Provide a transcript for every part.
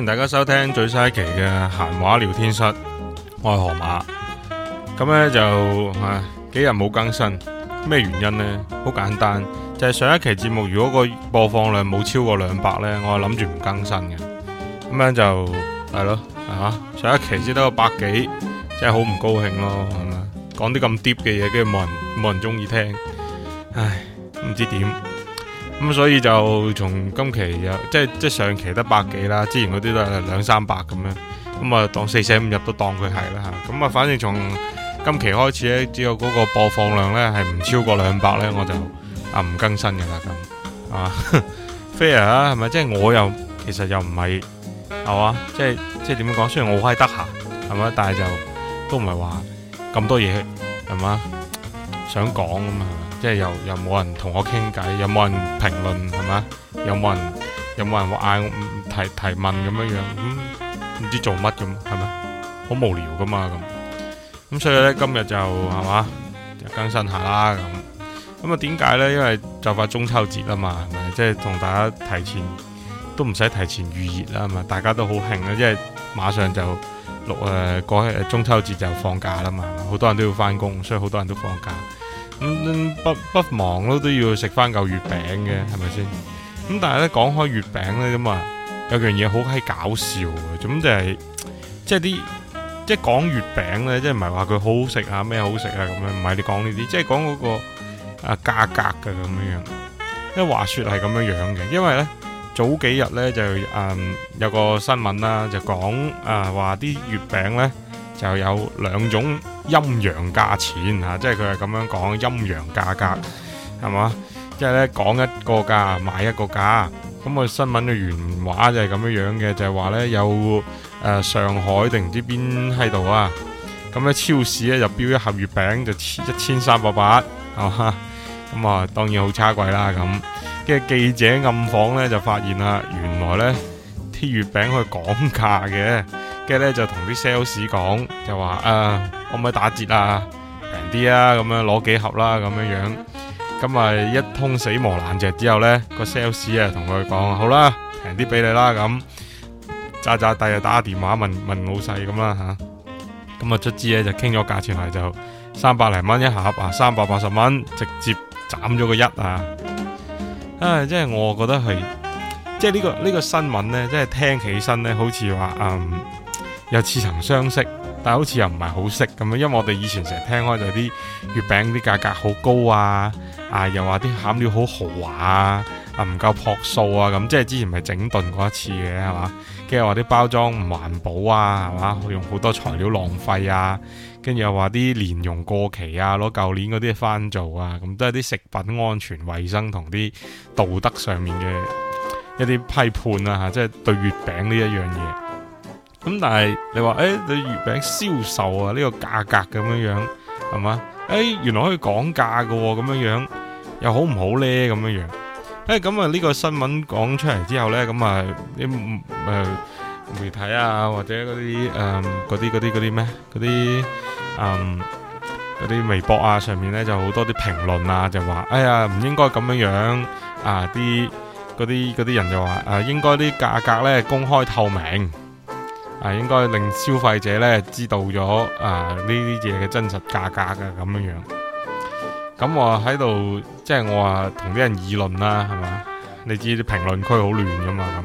歡迎大家收聽最新一期嘅閒話聊天室，我係河馬。咁咧就唉，幾日冇更新，咩原因咧？好簡單，就係上一期節目如果個播放量冇超過兩百咧，我係諗住唔更新嘅。咁樣就係咯，啊，上一期先得個百幾，真係好唔高興咯。係嘛，講啲咁 deep 嘅嘢，跟住冇人冇人中意聽，唉，唔知點。咁、嗯、所以就從今期又即係即係上期得百幾啦，之前嗰啲都係兩三百咁樣，咁、嗯、啊當四捨五入都當佢係啦吓，咁、嗯、啊反正從今期開始咧，只有嗰個播放量咧係唔超過兩百咧，我就啊唔更新噶啦咁，啊，fair 啦，係咪？即係我又其實又唔係，係嘛，即係即係點樣講？雖然我開得閒，係嘛，但係就都唔係話咁多嘢，係嘛，想講咁啊。是即係又又冇人同我傾偈，又冇人評論係嘛，又冇人又冇人話嗌我提提問咁樣樣，咁唔知做乜咁係咪？好無聊噶嘛咁。咁所以咧今日就係嘛，就更新下啦咁。咁啊點解呢？因為就快中秋節啦嘛，係咪？即係同大家提前都唔使提前預熱啦嘛，大家都好興啦，即係馬上就六誒嗰日中秋節就放假啦嘛，好多人都要翻工，所以好多人都放假。嗯、不不忙咯，都要食翻嚿月餅嘅，係咪先？咁，嗯、但係咧講開月餅咧咁啊，有樣嘢好閪搞笑嘅，咁就係即係啲即係講月餅咧，即係唔係話佢好好食啊咩好食啊咁樣，唔係你講呢啲，即係講嗰個啊價格嘅咁樣樣。即係話說係咁樣樣嘅，因為咧早幾日咧就誒、嗯、有個新聞啦、啊，就講啊話啲月餅咧。就有兩種陰陽價錢嚇、啊，即係佢係咁樣講陰陽價格係嘛？即係呢講一個價買一個價，咁個新聞嘅原話就係咁樣樣嘅，就係、是、話呢有誒、呃、上海定唔知邊喺度啊，咁呢超市呢，就標一盒月餅就一千三百八，係嘛？咁啊當然好差貴啦咁，跟住記者暗訪呢，就發現啦、啊，原來呢啲月餅佢講價嘅。嘅咧就同啲 sales 講，就話啊可唔可以打折啊，平啲啊，咁樣攞幾盒啦咁樣樣，咁啊一通死磨爛石之後咧個 sales 啊同佢講，好啦平啲俾你啦，咁，渣渣遞啊打下電話問問老細咁啦吓，咁啊卒之咧就傾咗價錢，係就三百零蚊一盒啊三百八十蚊直接斬咗個一啊，唉、啊，即係我覺得係即係呢個呢個新聞咧，即係聽起身咧好似話又似曾相識，但好似又唔係好識咁樣，因為我哋以前成日聽開就啲月餅啲價格好高啊，啊又話啲餡料好豪華啊，啊唔夠樸素啊，咁即係之前咪整頓過一次嘅係嘛？跟住話啲包裝唔環保啊，係嘛用好多材料浪費啊，跟住又話啲蓮蓉過期啊，攞舊年嗰啲翻做啊，咁都係啲食品安全、衛生同啲道德上面嘅一啲批判啊。啊即係對月餅呢一樣嘢。咁但係你話誒，你月餅銷售啊呢個價格咁樣樣係嘛？誒，原來可以講價噶咁樣樣，又好唔好咧咁樣樣？誒，咁啊呢個新聞講出嚟之後咧，咁啊啲誒媒體啊或者嗰啲誒嗰啲嗰啲嗰啲咩嗰啲誒嗰啲微博啊上面咧就好多啲評論啊，就話哎呀唔應該咁樣樣啊！啲嗰啲啲人就話誒、啊，應該啲價格咧公開透明。啊，應該令消費者咧知道咗啊呢啲嘢嘅真實價格嘅咁樣樣。咁我喺度即係我話同啲人議論啦，係嘛？你知啲評論區好亂噶嘛？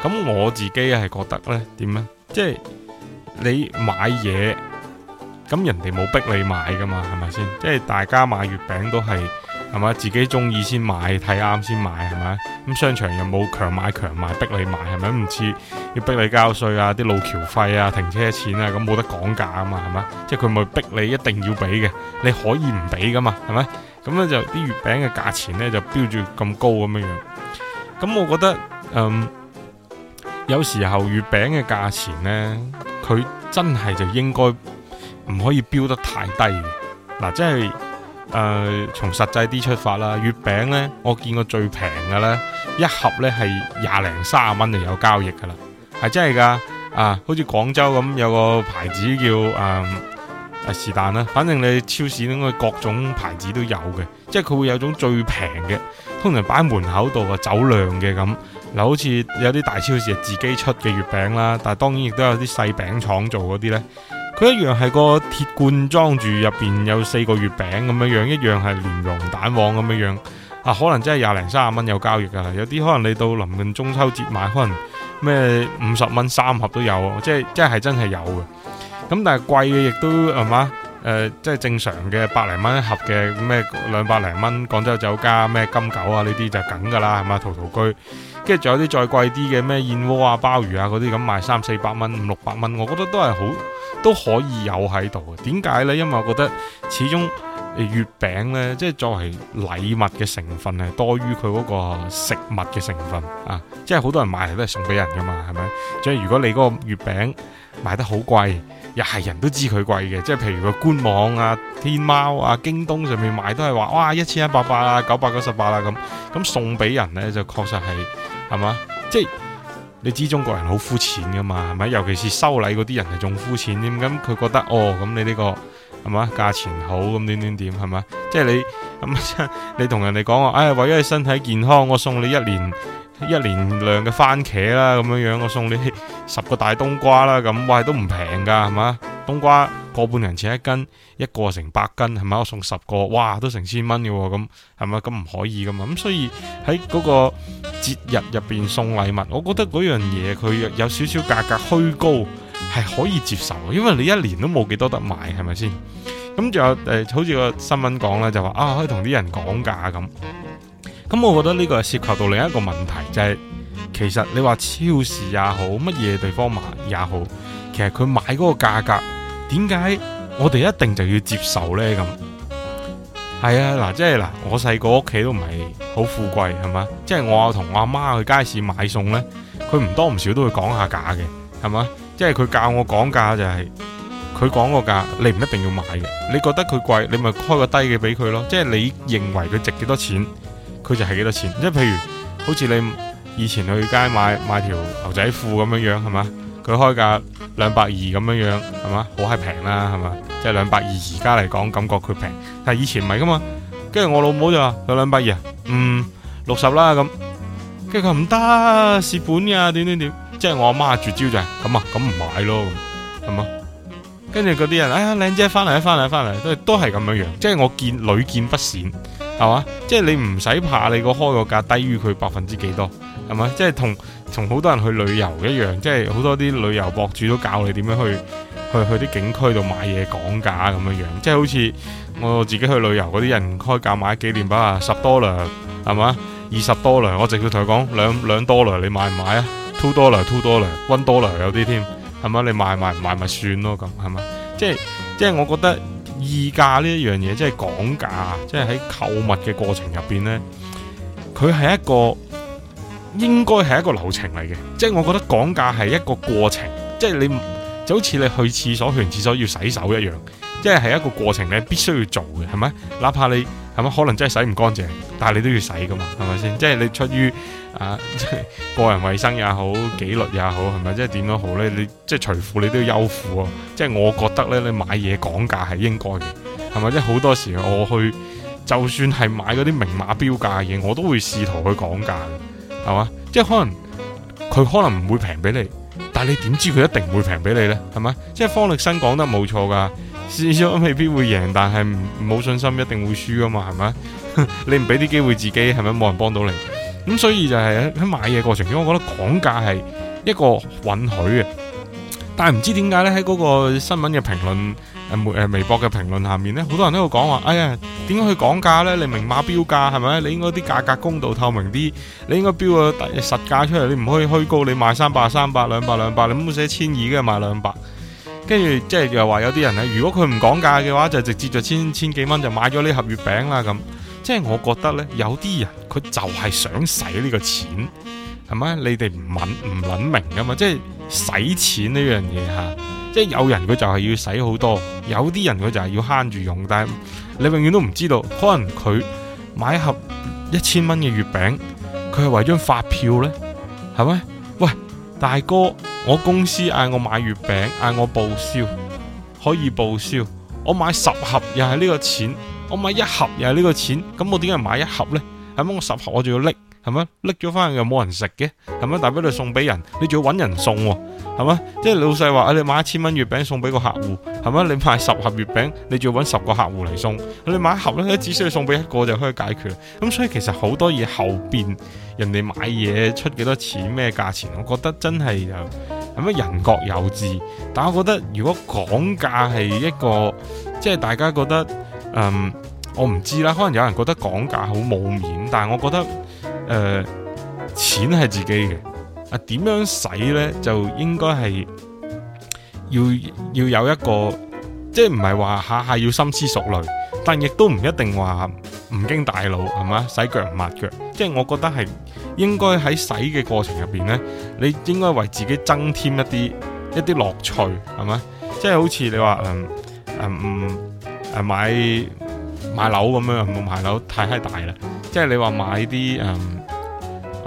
咁咁我自己係覺得咧點咧？即係你買嘢，咁人哋冇逼你買噶嘛？係咪先？即係大家買月餅都係。係嘛，自己中意先買，睇啱先買，係咪？咁商場又冇強買強賣，逼你買，係咪？唔似要逼你交稅啊，啲路橋費啊，停車錢啊，咁冇得講價啊嘛，係咪？即係佢咪逼你一定要俾嘅，你可以唔俾噶嘛，係咪？咁咧就啲月餅嘅價錢咧就標住咁高咁樣樣。咁我覺得，嗯，有時候月餅嘅價錢咧，佢真係就應該唔可以標得太低嘅。嗱，即係。誒、呃，從實際啲出發啦，月餅呢，我見過最平嘅咧，一盒呢係廿零三十蚊就有交易噶啦，係真係噶、啊，啊，好似廣州咁有個牌子叫誒誒是但啦，反正你超市應該各種牌子都有嘅，即係佢會有種最平嘅，通常擺喺門口度啊走量嘅咁，嗱，好似有啲大超市係自己出嘅月餅啦，但係當然亦都有啲細餅廠做嗰啲呢。佢一樣係個鐵罐裝住，入面有四個月餅咁樣樣，一樣係蓮蓉蛋黃咁樣樣啊。可能真係廿零三十蚊有交易噶啦，有啲可能你到臨近中秋節買，可能咩五十蚊三盒都有，即係即係真係有嘅。咁但係貴嘅亦都係嘛、嗯呃，即係正常嘅百零蚊一盒嘅，咩兩百零蚊廣州酒家咩金九啊呢啲就梗噶啦，係嘛，陶陶居，跟住仲有啲再貴啲嘅咩燕窩啊鮑魚啊嗰啲咁賣三四百蚊五六百蚊，我覺得都係好。都可以有喺度嘅，點解呢？因為我覺得始終月餅呢，即係作為禮物嘅成分係多於佢嗰個食物嘅成分啊！即係好多人買嚟都係送俾人噶嘛，係咪？即係如果你嗰個月餅賣得好貴，又係人都知佢貴嘅，即係譬如個官網啊、天貓啊、京東上面買都係話，哇，一千一百八啊，九百九十八啊咁，咁送俾人呢，就確實係係嘛，即係。你知中國人好膚淺噶嘛，係咪？尤其是收禮嗰啲人係仲膚淺點咁，佢覺得哦，咁你呢、呢個係嘛價錢好咁點點點係嘛？即係你咁，嗯、 你同人哋講話，唉、哎，為咗你身體健康，我送你一年。一年量嘅番茄啦，咁樣樣我送你十個大冬瓜啦，咁喂都唔平噶係嘛？冬瓜個半銀錢一斤，一個成百斤，係咪？我送十個，哇，都成千蚊嘅，咁，係咪？咁唔可以噶嘛咁所以喺嗰個節日入邊送禮物，我覺得嗰樣嘢佢有少少價格虛高，係可以接受，因為你一年都冇幾多得買，係咪先？咁仲有誒，好似個新聞講啦，就話啊可以同啲人講價咁。咁，我覺得呢個係涉及到另一個問題，就係其實你話超市也好，乜嘢地方買也好，其實佢買嗰個價格點解我哋一定就要接受呢？咁係啊，嗱，即係嗱，我細個屋企都唔係好富貴，係嘛，即係我同我阿媽去街市買餸呢，佢唔多唔少都會講下價嘅，係嘛，即係佢教我講價就係佢講個價，你唔一定要買嘅，你覺得佢貴，你咪開個低嘅俾佢咯，即係你認為佢值幾多錢。佢就係幾多錢，即係譬如，好似你以前去街買買條牛仔褲咁樣樣，係嘛？佢開價兩百二咁樣樣，係嘛？好閪平啦，係嘛？即係兩百二而家嚟講，感覺佢平，但係以前唔係噶嘛。跟住我老母就話兩百二，啊，嗯，六十啦咁。跟住佢唔得，蝕本噶，啊，點點點。即係我阿媽絕招就係咁啊，咁唔買咯，係嘛？跟住嗰啲人，哎呀，靚姐翻嚟，翻嚟，翻嚟，都都係咁樣樣，即係我見屢見不鮮。係嘛，即係你唔使怕你個開個價低於佢百分之幾多，係嘛，即係同同好多人去旅遊一樣，即係好多啲旅遊博主都教你點樣去去去啲景區度買嘢講價咁樣樣，即係好似我自己去旅遊嗰啲人開價買紀念品啊，十多兩，係嘛，二十多兩，我直接同佢講兩兩多兩，你買唔買啊？two dollar two dollar one dollar 有啲添，係嘛，你買買唔買咪算咯咁，係嘛，即係即係我覺得。議價呢一樣嘢，即係講價，即係喺購物嘅過程入邊呢，佢係一個應該係一個流程嚟嘅。即係我覺得講價係一個過程，即係你就好似你去廁所、去完廁所要洗手一樣，即係係一個過程咧，必須要做嘅，係咪？哪怕你。可能真係洗唔乾淨，但係你都要洗噶嘛，係咪先？即係你出於啊個人衛生也好，紀律也好，係咪？即係點都好咧，你即係除褲你都要休褲啊！即係我覺得咧，你買嘢講價係應該嘅，係咪？即係好多時我去，就算係買嗰啲明碼標價嘢，我都會試圖去講價，係嘛？即係可能佢可能唔會平俾你，但係你點知佢一定唔會平俾你咧？係咪？即係方力申講得冇錯噶。未必會贏，但係冇信心一定會輸噶嘛，係咪？ 你唔俾啲機會自己會，係咪冇人幫到你？咁所以就係喺買嘢過程中，因為我覺得講價係一個允許嘅，但係唔知點解呢，喺嗰個新聞嘅評論誒誒，微博嘅評論下面呢，好多人都講話，哎呀，點解去講價呢？你明碼標價係咪？你應該啲價格公道透明啲，你應該標個實價出嚟，你唔可以虛高，你賣三百三百兩百兩百，你唔會寫千二嘅賣兩百。跟住即係又話有啲人咧，如果佢唔講價嘅話，就直接就千千幾蚊就買咗呢盒月餅啦咁。即係我覺得呢，有啲人佢就係想使呢個錢，係咪？你哋唔諗唔諗明噶嘛？即係使錢呢樣嘢吓，即係有人佢就係要使好多，有啲人佢就係要慳住用。但係你永遠都唔知道，可能佢買一盒一千蚊嘅月餅，佢係為張發票呢，係咪？大哥，我公司嗌我買月餅，嗌我報銷，可以報銷。我買十盒又係呢個錢，我買一盒又係呢個錢，咁我點解唔買一盒呢？係咪我十盒我仲要拎。係咩？拎咗翻去又冇人食嘅，係咩？大不你送俾人，你仲要揾人送喎，係咩？即係老細話，啊，你買一千蚊月餅送俾個客戶，係咩？你買十盒月餅，你仲要揾十個客戶嚟送。你買一盒呢，只需要送俾一個就可以解決。咁所以其實好多嘢後邊人哋買嘢出幾多錢咩價錢，我覺得真係又係人各有志。但我覺得如果講價係一個，即係大家覺得，嗯，我唔知啦，可能有人覺得講價好冇面，但係我覺得。誒、呃，錢係自己嘅，啊點樣使咧就應該係要要有一個，即係唔係話下下要深思熟慮，但亦都唔一定話唔經大腦係嘛，使腳唔抹腳，即係我覺得係應該喺使嘅過程入邊咧，你應該為自己增添一啲一啲樂趣係嘛，即係好似你話誒誒誒買買樓咁樣，冇買樓太閪大啦，即係你話買啲誒。嗯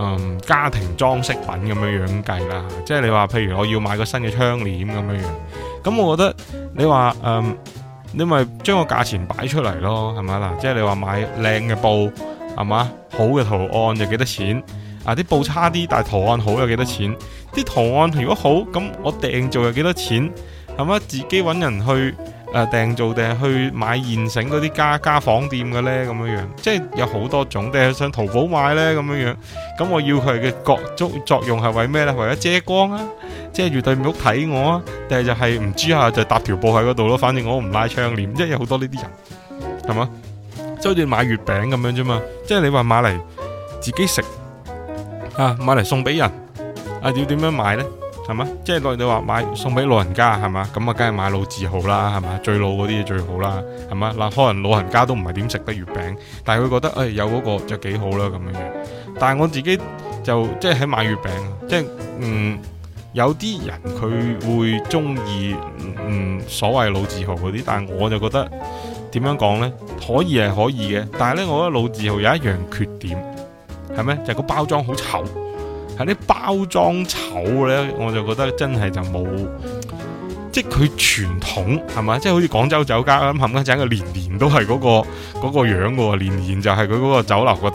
嗯，家庭裝飾品咁樣樣計啦，即係你話，譬如我要買個新嘅窗簾咁樣樣，咁我覺得你話，嗯，你咪將個價錢擺出嚟咯，係咪嗱，即係你話買靚嘅布係嘛，好嘅圖案就幾多錢啊？啲布差啲，但係圖案好有幾多錢？啲圖案如果好咁，我訂做有幾多錢？係咪？自己揾人去。誒、啊，訂做定係去買現成嗰啲家家紡店嘅咧，咁樣樣，即係有好多種。定係上淘寶買咧，咁樣樣。咁我要佢嘅角足作用係為咩咧？為咗遮光啊，遮住對面屋睇我啊。定係就係唔知啊，就搭條布喺嗰度咯。反正我唔拉窗簾，即係有好多呢啲人，係嘛？即係好似買月餅咁樣啫嘛。即係你話買嚟自己食啊，買嚟送俾人啊，要點樣買咧？係嘛，即係例如你話買送俾老人家，係嘛，咁啊，梗係買老字號啦，係嘛，最老嗰啲最好啦，係嘛，嗱，可能老人家都唔係點食得月餅，但係佢覺得誒、哎、有嗰個就幾好啦咁樣樣。但係我自己就即係喺買月餅，即係嗯，有啲人佢會中意嗯所謂老字號嗰啲，但係我就覺得點樣講呢？可以係可以嘅，但係呢，我覺得老字號有一樣缺點，係咩？就係、個包裝好醜。啲包裝醜呢，我就覺得真係就冇，即係佢傳統係咪？即係好似廣州酒家咁冚家仔，佢年年都係嗰個嗰個樣喎，年年就係佢嗰個酒樓個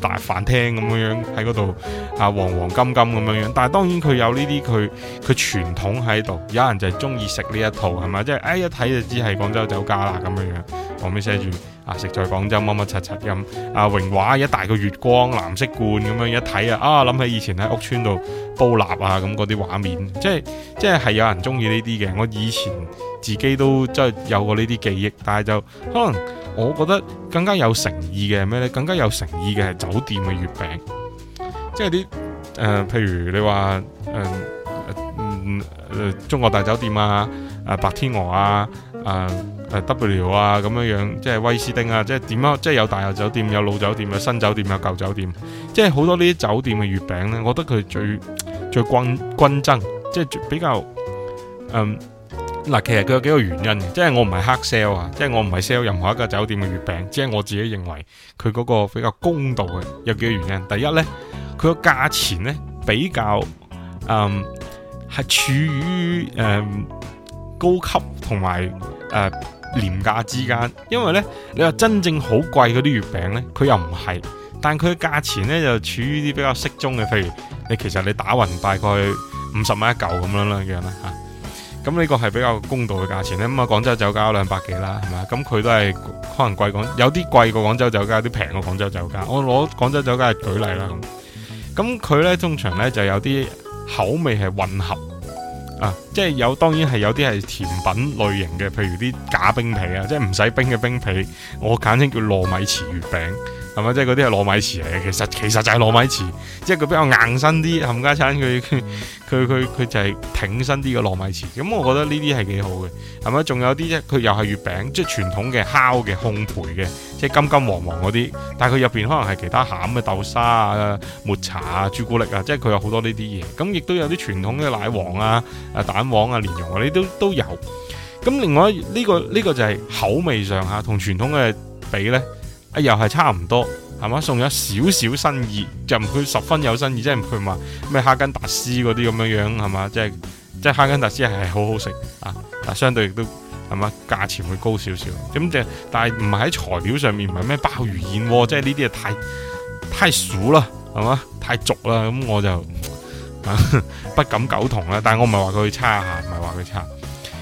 大飯廳咁樣樣喺嗰度啊，黃黃金金咁樣樣。但係當然佢有呢啲佢佢傳統喺度，有人就係中意食呢一套係咪？即係一睇就知係廣州酒家啦咁樣樣。旁邊寫住啊，食在廣州乜乜柒柒飲啊，榮華一大個月光藍色罐咁樣一睇啊，啊諗起以前喺屋村度煲蠟啊咁嗰啲畫面，即係即係係有人中意呢啲嘅。我以前自己都即係有過呢啲記憶，但係就可能我覺得更加有誠意嘅係咩咧？更加有誠意嘅係酒店嘅月餅，即係啲誒，譬如你話嗯。呃呃、中國大酒店啊，啊、呃、白天鵝啊，啊、呃、誒、呃、W 啊，咁樣樣，即係威斯汀啊，即係點啊，即係有大日酒店，有老酒店，有新酒店，有舊酒店，即係好多呢啲酒店嘅月餅呢，我覺得佢最最均均真，即係比較嗱、嗯，其實佢有幾個原因嘅，即係我唔係黑 sell 啊，即係我唔係 sell 任何一個酒店嘅月餅，即係我自己認為佢嗰個比較公道嘅，有幾個原因。第一呢，佢個價錢呢比較嗯。係處於誒、呃、高級同埋誒廉價之間，因為呢，你話真正好貴嗰啲月餅呢，佢又唔係，但佢嘅價錢呢就處於啲比較適中嘅，譬如你其實你打勻大概五十蚊一嚿咁樣啦，咁啦嚇。咁呢個係比較公道嘅價錢咧。咁、嗯、啊，廣州酒家兩百幾啦，係嘛？咁、嗯、佢都係可能貴廣，有啲貴過廣州酒家，有啲平過廣州酒家。我攞廣州酒家係舉例啦咁。佢呢通常呢就有啲。口味係混合啊，即係有，當然係有啲係甜品類型嘅，譬如啲假冰皮啊，即係唔使冰嘅冰皮，我簡稱叫糯米糍月餅。係咪即係嗰啲係糯米糍嚟嘅？其實其實就係糯米糍。即係佢比較硬身啲。冚家鏟佢佢佢佢就係挺身啲嘅糯米糍。咁我覺得呢啲係幾好嘅。係咪仲有啲啫？佢又係月餅，即係傳統嘅烤嘅烘焙嘅，即係金金黃黃嗰啲。但係佢入邊可能係其他餡嘅豆沙啊、抹茶啊、朱古力啊，即係佢有好多呢啲嘢。咁亦都有啲傳統嘅奶黃啊、啊蛋黃啊、蓮蓉啊，呢都都有。咁另外呢、呢個呢、呢個就係口味上下、啊、同傳統嘅比咧。又係差唔多，係嘛？送咗少少新意，就唔會十分有新意，即係唔會話咩哈根達斯嗰啲咁樣樣，係嘛？即係即係哈根達斯係好好食啊，但相對亦都係嘛？價錢會高少少。咁就但係唔係喺材料上面，唔係咩鮑魚燕窩、啊，即係呢啲啊太太俗啦，係嘛？太俗啦，咁我就、啊、不敢苟同啦。但係我唔係話佢去差，唔係話佢差，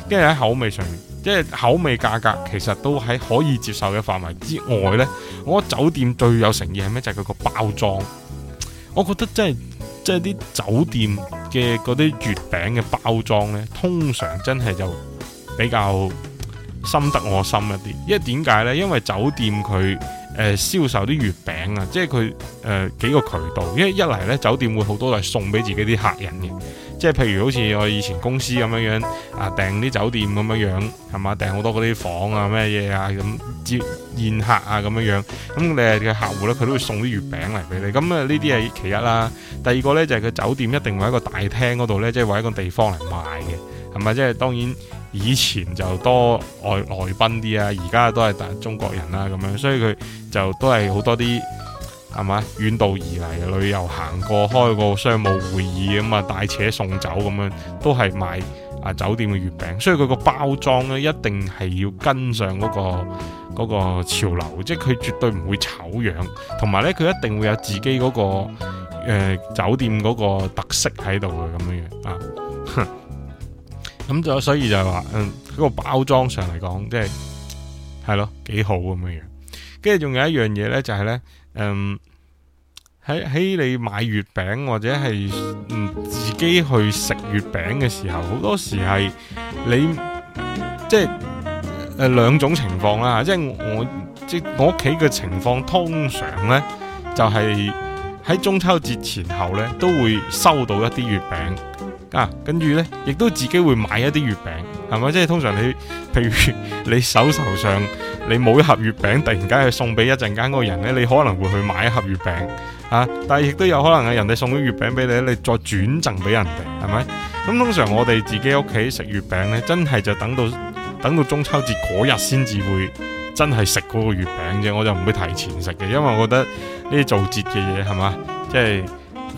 跟住喺口味上面。即係口味、價格，其實都喺可以接受嘅範圍之外呢，我覺得酒店最有誠意係咩？就係、是、佢個包裝。我覺得即係即係啲酒店嘅嗰啲月餅嘅包裝呢，通常真係就比較深得我心一啲。因為點解呢？因為酒店佢誒、呃、銷售啲月餅啊，即係佢誒幾個渠道。因為一嚟呢，酒店會好多係送俾自己啲客人嘅。即係譬如好似我以前公司咁樣樣啊，訂啲酒店咁樣樣係嘛，訂好多嗰啲房啊咩嘢啊咁接宴客啊咁樣樣，咁你嘅客戶咧佢都會送啲月餅嚟俾你，咁啊呢啲係其一啦。第二個咧就係、是、佢酒店一定會喺個大廳嗰度咧，即係揾一個地方嚟賣嘅，係咪？即、就、係、是、當然以前就多外外賓啲啊，而家都係大中國人啦、啊、咁樣，所以佢就都係好多啲。係嘛？遠道而嚟旅遊行過，開個商務會議咁啊，帶車送走咁樣，都係買啊酒店嘅月餅。所以佢個包裝咧，一定係要跟上嗰個嗰個潮流，即係佢絕對唔會醜樣。同埋咧，佢一定會有自己嗰個呃酒店嗰個特色喺度嘅咁樣啊。咁就所以就係話，嗯，嗰個包裝上嚟講，即係係咯幾好咁樣樣。跟住仲有一樣嘢咧，就係咧，嗯。喺喺你買月餅或者係嗯自己去食月餅嘅時候，好多時係你即係誒兩種情況啦，即係我即我屋企嘅情況通常呢就係喺中秋節前後呢都會收到一啲月餅啊，跟住呢，亦都自己會買一啲月餅，係咪？即係通常你譬如你手頭上你冇一盒月餅，突然間去送俾一陣間嗰個人呢，你可能會去買一盒月餅。啊！但係亦都有可能係人哋送咗月餅俾你，你再轉贈俾人哋，係咪？咁通常我哋自己屋企食月餅呢，真係就等到等到中秋節嗰日先至會真係食嗰個月餅啫，我就唔會提前食嘅，因為我覺得呢啲做節嘅嘢係嘛，即係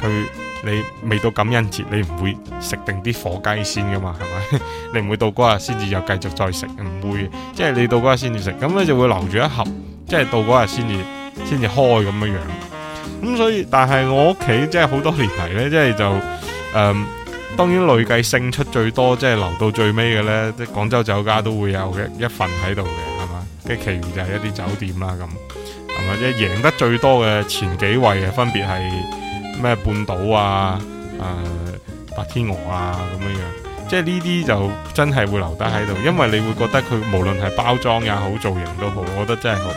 佢你未到感恩節你唔會食定啲火雞先噶嘛，係咪？ 你唔會到嗰日先至又繼續再食，唔會，即係你到嗰日先至食，咁你就會留住一盒，即係到嗰日先至先至開咁樣樣。咁、嗯、所以，但係我屋企即係好多年嚟呢，即係就誒、呃，當然累計勝出最多，即係留到最尾嘅呢，即係廣州酒家都會有一一份喺度嘅，係嘛，跟住其餘就係一啲酒店啦，咁係嘛，即係贏得最多嘅前幾位嘅分別係咩半島啊，誒、呃、白天鵝啊咁樣樣，即係呢啲就真係會留低喺度，因為你會覺得佢無論係包裝也好，造型都好，我覺得真係好。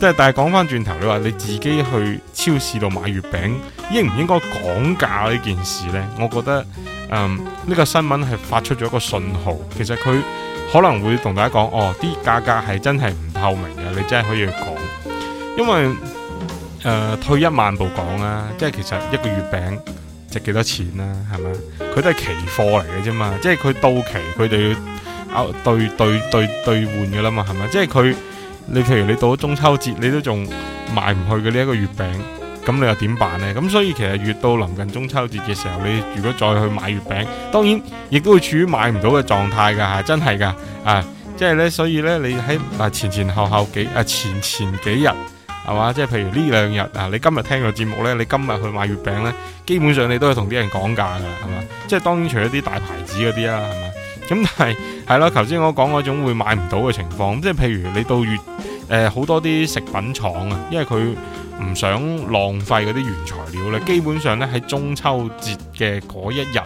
即係，但係講翻轉頭，你話你自己去超市度買月餅，應唔應該講價呢件事呢？我覺得，嗯，呢個新聞係發出咗一個信號。其實佢可能會同大家講，哦，啲價格係真係唔透明嘅，你真係可以講。因為誒、呃，退一萬步講啦，即係其實一個月餅值幾多錢啦，啊，係咪？佢都係期貨嚟嘅啫嘛，即係佢到期，佢就要啊兌兌兌兌換噶啦嘛，係咪？即係佢。你譬如你到咗中秋節，你都仲賣唔去嘅呢一個月餅，咁你又點辦呢？咁所以其實越到臨近中秋節嘅時候，你如果再去買月餅，當然亦都會處於買唔到嘅狀態㗎，真係㗎，啊，即係咧，所以咧，你喺嗱前前後後幾啊前前幾日係嘛，即係譬如呢兩日啊，你今日聽個節目咧，你今日去買月餅咧，基本上你都係同啲人講價㗎，係嘛？即係當然除咗啲大牌子嗰啲啦，係嘛？咁但係係咯，頭先我講嗰種會買唔到嘅情況，即係譬如你到月誒好多啲食品廠啊，因為佢唔想浪費嗰啲原材料咧，基本上咧，喺中秋節嘅嗰一日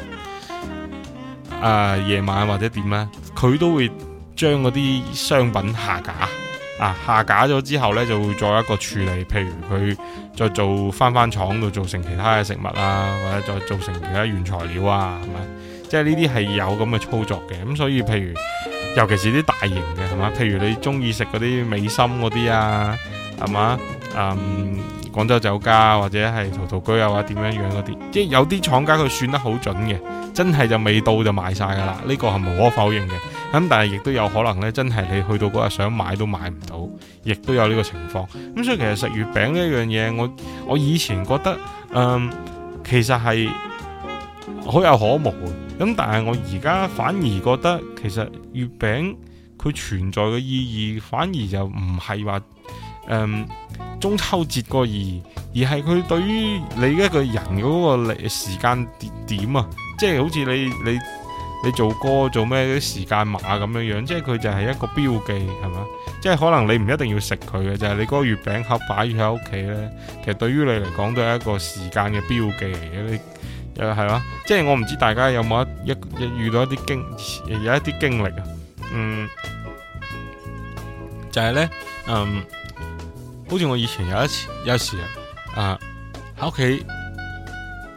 啊，夜晚或者點咧，佢都會將嗰啲商品下架啊，下架咗之後咧就會作一個處理，譬如佢再做翻翻廠度做成其他嘅食物啊，或者再做成其他原材料啊，係咪？即係呢啲係有咁嘅操作嘅，咁所以譬如。尤其是啲大型嘅，係嘛？譬如你中意食嗰啲美心嗰啲啊，係嘛？嗯，廣州酒家或者係陶陶居啊，或者點樣樣嗰啲，即係有啲廠家佢算得好準嘅，真係就未到就賣晒㗎喇。呢、呢個係無可否認嘅。咁、嗯、但係亦都有可能呢，真係你去到嗰日想買都買唔到，亦都有呢個情況。咁所以其實食月餅呢一樣嘢，我我以前覺得，嗯，其實係。好有可無啊！咁但係我而家反而覺得，其實月餅佢存在嘅意義，反而就唔係話誒中秋節個意義，而係佢對於你一個人嗰個力時間點啊，即係好似你你你做歌做咩啲時間碼咁樣樣，即係佢就係一個標記，係嘛？即係可能你唔一定要食佢嘅，就係、是、你嗰個月餅盒擺住喺屋企咧，其實對於你嚟講都係一個時間嘅標記嚟嘅。你又係嘛？即係我唔知大家有冇一一,一遇到一啲經有一啲經歷啊？嗯，就係、是、咧，嗯，好似我以前有一次有時啊，喺屋企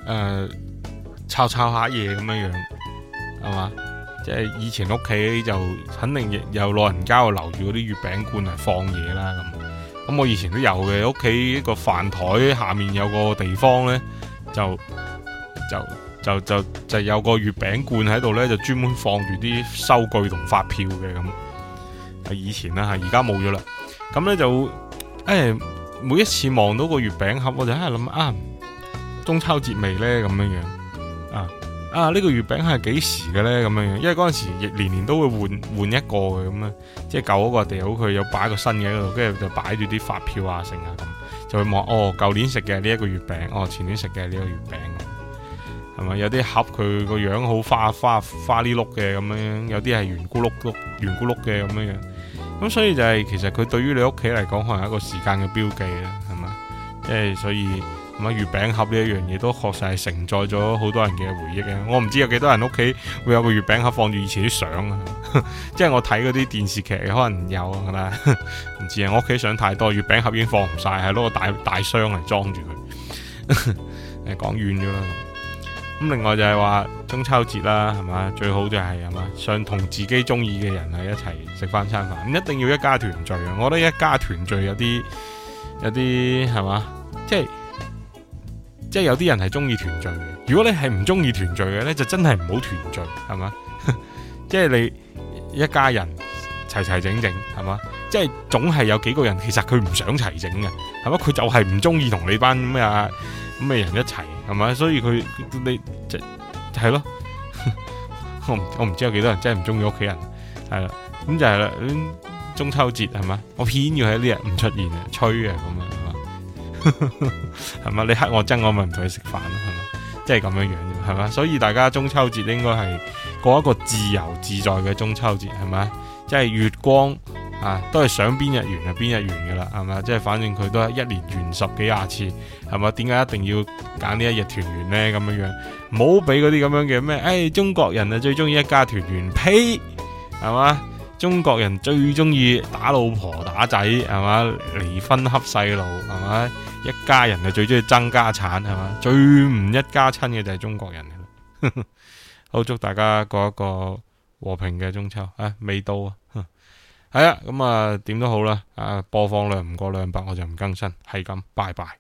誒抄抄下嘢咁樣樣係嘛？即係、就是、以前屋企就肯定有老人家會留住嗰啲月餅罐嚟放嘢啦。咁咁我以前都有嘅，屋企個飯台下面有個地方咧就。就就就就有個月餅罐喺度咧，就專門放住啲收據同發票嘅咁，係以前啦吓，而家冇咗啦。咁咧就誒、哎，每一次望到個月餅盒，我就喺度諗啊，中秋節未咧咁樣樣啊啊呢、這個月餅係幾時嘅咧咁樣樣，因為嗰陣時亦年年都會換換一個嘅咁啊，即係舊嗰個掉好佢，他有擺個新嘅喺度，跟住就擺住啲發票啊剩啊咁，就會望哦，舊年食嘅呢一個月餅，哦前年食嘅呢個月餅。係嘛？有啲盒佢個樣好花花花啲碌嘅咁樣，有啲係圓咕碌碌圓咕碌嘅咁樣。咁所以就係、是、其實佢對於你屋企嚟講，可能係一個時間嘅標記啦，係嘛？即係所以，咁啊月餅盒呢一樣嘢都確實係承載咗好多人嘅回憶啊！我唔知有幾多人屋企會有個月餅盒放住以前啲相啊。即 係我睇嗰啲電視劇可能有啊，唔 知啊。我屋企相太多，月餅盒已經放唔晒，係攞個大大箱嚟裝住佢。誒， 講遠咗啦。咁另外就係話中秋節啦，係嘛，最好就係係嘛，想同自己中意嘅人係一齊食返餐飯，唔一定要一家團聚。我覺得一家團聚有啲有啲係嘛，即係即係有啲人係中意團聚嘅。如果你係唔中意團聚嘅咧，就真係唔好團聚，係嘛。即 係你一家人齊齊整整，係嘛，即係總係有幾個人其實佢唔想齊整嘅，係嘛，佢就係唔中意同你班咩啊咁嘅人一齊。係咪？所以佢你即係咯，我我唔知有幾多人真係唔中意屋企人，係啦，咁就係啦。中秋節係咪？我偏要喺呢日唔出現啊，吹啊咁樣，係嘛，係 嘛，你黑我憎我咪唔同你食飯咯，係嘛，即係咁樣樣，係嘛，所以大家中秋節應該係過一個自由自在嘅中秋節，係咪？即係月光。啊，都係想邊日圓就邊日圓噶啦，係嘛？即係反正佢都一年圓十幾廿次，係嘛？點解一定要揀呢一日團圓呢？咁樣樣，唔好俾嗰啲咁樣嘅咩？誒，中國人啊最中意一家團圓，呸，係嘛？中國人最中意打老婆打仔，係嘛？離婚恰細路，係嘛？一家人啊最中意爭家產，係嘛？最唔一家親嘅就係中國人啦。好，祝大家過一個和平嘅中秋。啊，未到啊。係、哎、啊，咁啊點都好啦，啊播放量唔過兩百，我就唔更新，係咁，拜拜。